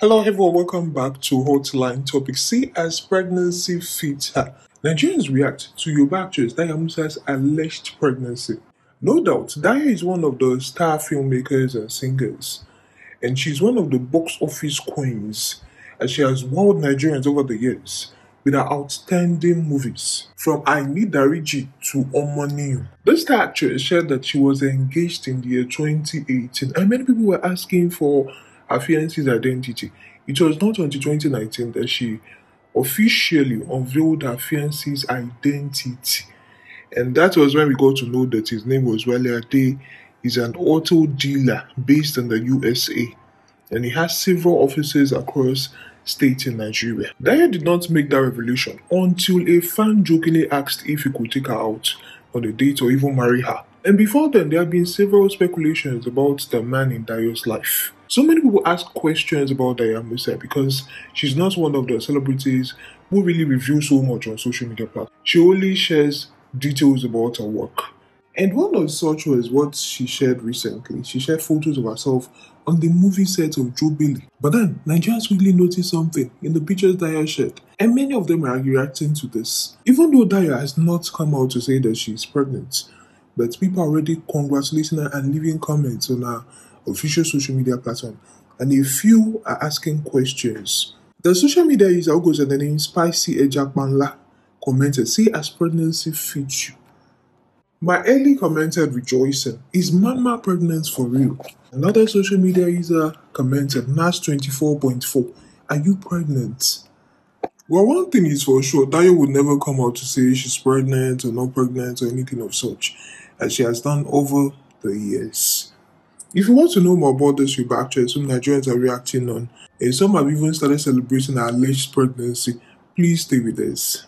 Hello everyone, welcome back to Hotline Topic. See as pregnancy feature. Nigerians react to Yoruba actress Daya Musa's alleged pregnancy. No doubt, Daya is one of the star filmmakers and singers, and she's one of the box office queens, and she has wowed Nigerians over the years with her outstanding movies, from Aini Dariji to Omoniu. This star actress shared that she was engaged in the year 2018, and many people were asking for affiance his identity. It was not until 2019 that she officially unveiled her fiance's identity. And that was when we got to know that his name was Wale Ade. He's an auto dealer based in the USA. And he has several offices across states in Nigeria. Daya did not make that revelation until a fan jokingly asked if he could take her out on a date or even marry her. And before then, there have been several speculations about the man in Dayo's life. So many people ask questions about Daya Musa because she's not one of the celebrities who really reveal so much on social media platforms. She only shares details about her work. And one of such was what she shared recently. She shared photos of herself on the movie set of Joe Billy. But then, Nigerians quickly noticed something in the pictures Daya shared, and many of them are reacting to this. Even though Daya has not come out to say that she is pregnant, but people are already congratulating her and leaving comments on her official social media platform. And a few are asking questions. The social media user who goes under the name Spicy Ejapanla commented, See as pregnancy feeds you. My early commented rejoicing, Is mama pregnant for real? Another social media user commented, NAS 24.4, Are you pregnant? Well, one thing is for sure, Dayo would never come out to say she's pregnant or not pregnant or anything of such as she has done over the years. If you want to know more about this rebuffed some Nigerians are reacting on, and some have even started celebrating her alleged pregnancy, please stay with us.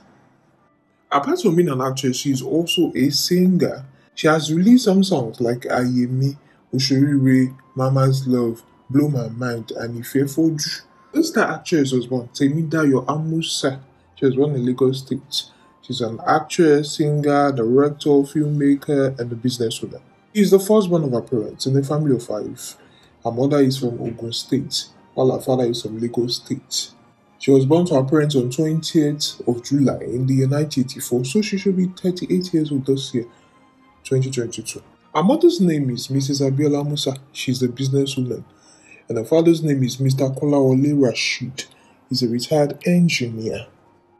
Apart from being an actress, she is also a singer. She has released some songs like Ayemi, Oshorire, Mama's Love, Blow My Mind, and Ifefoju. This star actress was born Temidayo Yoamusa. She was born in Lagos State. She's an actress, singer, director, filmmaker, and a businesswoman. She is the firstborn of her parents in a family of five. Her mother is from Ogun State, while her father is from Lagos State. She was born to her parents on 20th of July in the year 1984, so she should be 38 years old this year, 2022. Her mother's name is Mrs. Abiola Musa. She's a businesswoman. And her father's name is Mr. Kolawole Rashid. He's a retired engineer.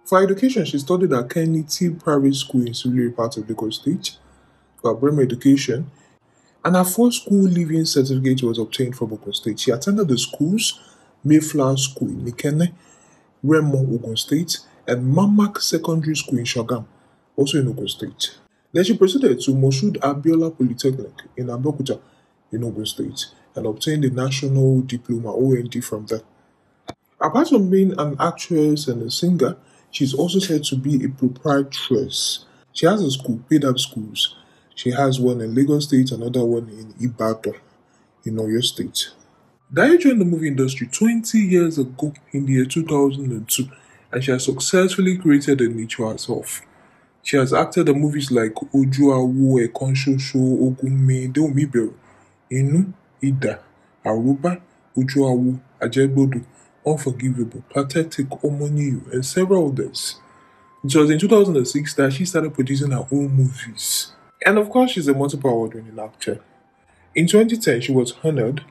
For education, she studied at Kennedy Private School in Surulere, part of Lagos State, for primary education, and her first school leaving certificate was obtained from Ogun State. She attended the schools Mayflower School in Ikenne, Remo, Ogun State, and Mamak Secondary School in Shagam, also in Ogun State. Then she proceeded to Moshood Abiola Polytechnic in Abeokuta, in Ogun State, and obtained a national diploma OND from there. Apart from being an actress and a singer, She's also said to be a proprietress. She has a school, paid up schools. She has one in Lagos State, another one in Ibadan, in Oyo State. Daya joined the movie industry 20 years ago in the year 2002, and she has successfully created a niche for herself. She has acted in movies like Ojo Awo, Ekonsho Show, Ogunme, Deomibe, Inu, Ida, Aruba, Ojo Awo, Ajebodo, Unforgivable, Pathetic, Omoniu, and several others. It was in 2006 that she started producing her own movies. And of course, she's a multiple award winning actor. In 2010, she was honored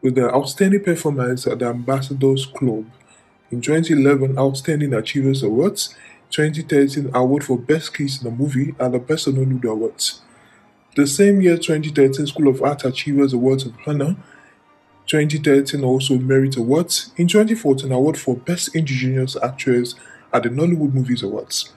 with the Outstanding Performance at the Ambassadors Club. In 2011, Outstanding Achievers Awards. 2013, Award for Best Kiss in a Movie at the Best Honored Awards. The same year, 2013, School of Art Achievers Awards of Honor 2013 also Merit Awards. In 2014, award for Best Indigenous Actress at the Nollywood Movies Awards.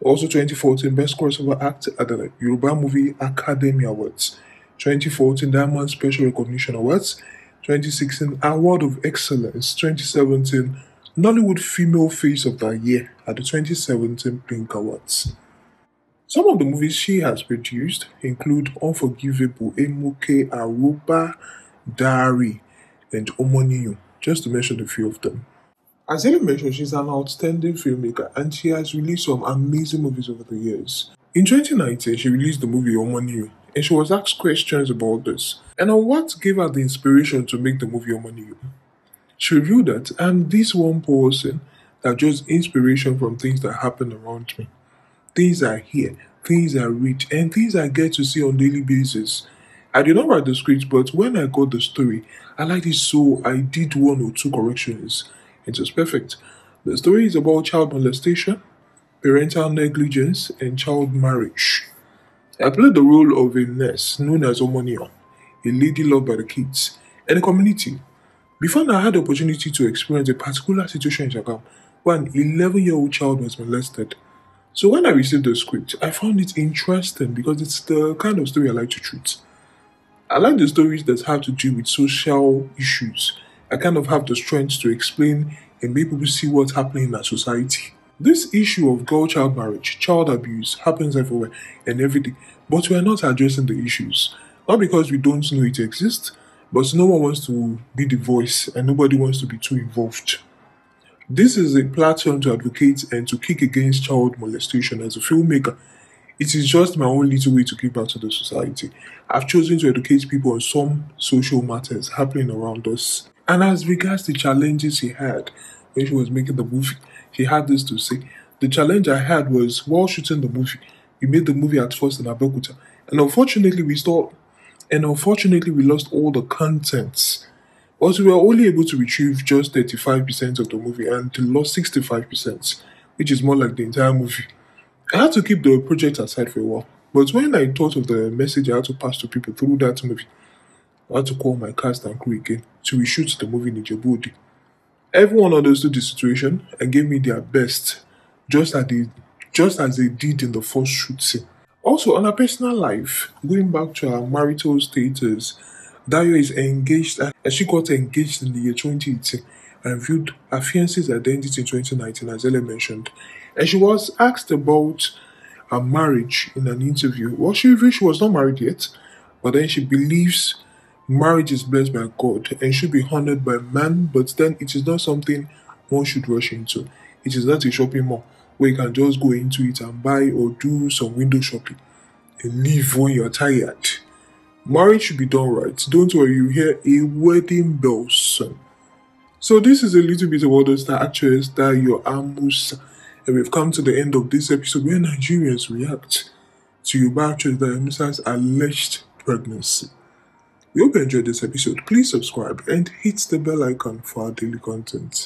Also 2014, Best Crossover Act at the Yoruba Movie Academy Awards. 2014, Diamond Special Recognition Awards. 2016, Award of Excellence. 2017, Nollywood Female Face of the Year at the 2017 Pink Awards. Some of the movies she has produced include Unforgivable, Emuke Aruba, Diary, and Omoniyu, just to mention a few of them. As Ellen mentioned, she's an outstanding filmmaker and she has released some amazing movies over the years. In 2019, she released the movie Omoniyu and she was asked questions about this and on what gave her the inspiration to make the movie Omoniyu. She revealed that I'm this one person that draws inspiration from things that happen around me. Things I hear, things I read, and things I get to see on daily basis. I did not write the script, but when I got the story, I liked it so I did one or two corrections. It was perfect. The story is about child molestation, parental negligence, and child marriage. I played the role of a nurse known as Omonion, a lady loved by the kids and the community. Before I had the opportunity to experience a particular situation in Japan where an 11 year old child was molested. So when I received the script, I found it interesting because it's the kind of story I like to treat. I like the stories that have to do with social issues. I kind of have the strength to explain and make people see what's happening in our society. This issue of girl child marriage, child abuse happens everywhere and everything, but we are not addressing the issues. Not because we don't know it exists, but no one wants to be the voice and nobody wants to be too involved. This is a platform to advocate and to kick against child molestation as a filmmaker. It is just my own little way to give back to the society. I've chosen to educate people on some social matters happening around us. And as regards the challenges she had when she was making the movie, she had this to say. The challenge I had was while shooting the movie, we made the movie at first in Abeokuta. And unfortunately, we stopped. And unfortunately, we lost all the contents. But we were only able to retrieve just 35% of the movie and lost 65%, which is more like the entire movie. I had to keep the project aside for a while. But when I thought of the message I had to pass to people through that movie, I had to call my cast and crew again to reshoot the movie in Djibouti. Everyone understood the situation and gave me their best, just as they, just as they did in the first shoot. Also, on her personal life, going back to her marital status, Dayo is engaged and uh, she got engaged in the year 2018 and viewed her fiance's identity in 2019, as Ella mentioned. And she was asked about her marriage in an interview. Well, she revealed she was not married yet, but then she believes marriage is blessed by God and should be honored by man, but then it is not something one should rush into. It is not a shopping mall where you can just go into it and buy or do some window shopping and leave when you're tired. Marriage should be done right. Don't worry, you hear a wedding bell soon. So this is a little bit about the star actress you're Amusa. And we've come to the end of this episode where Nigerians react to Yuba about Dayo alleged pregnancy. We hope you enjoyed this episode. Please subscribe and hit the bell icon for our daily content.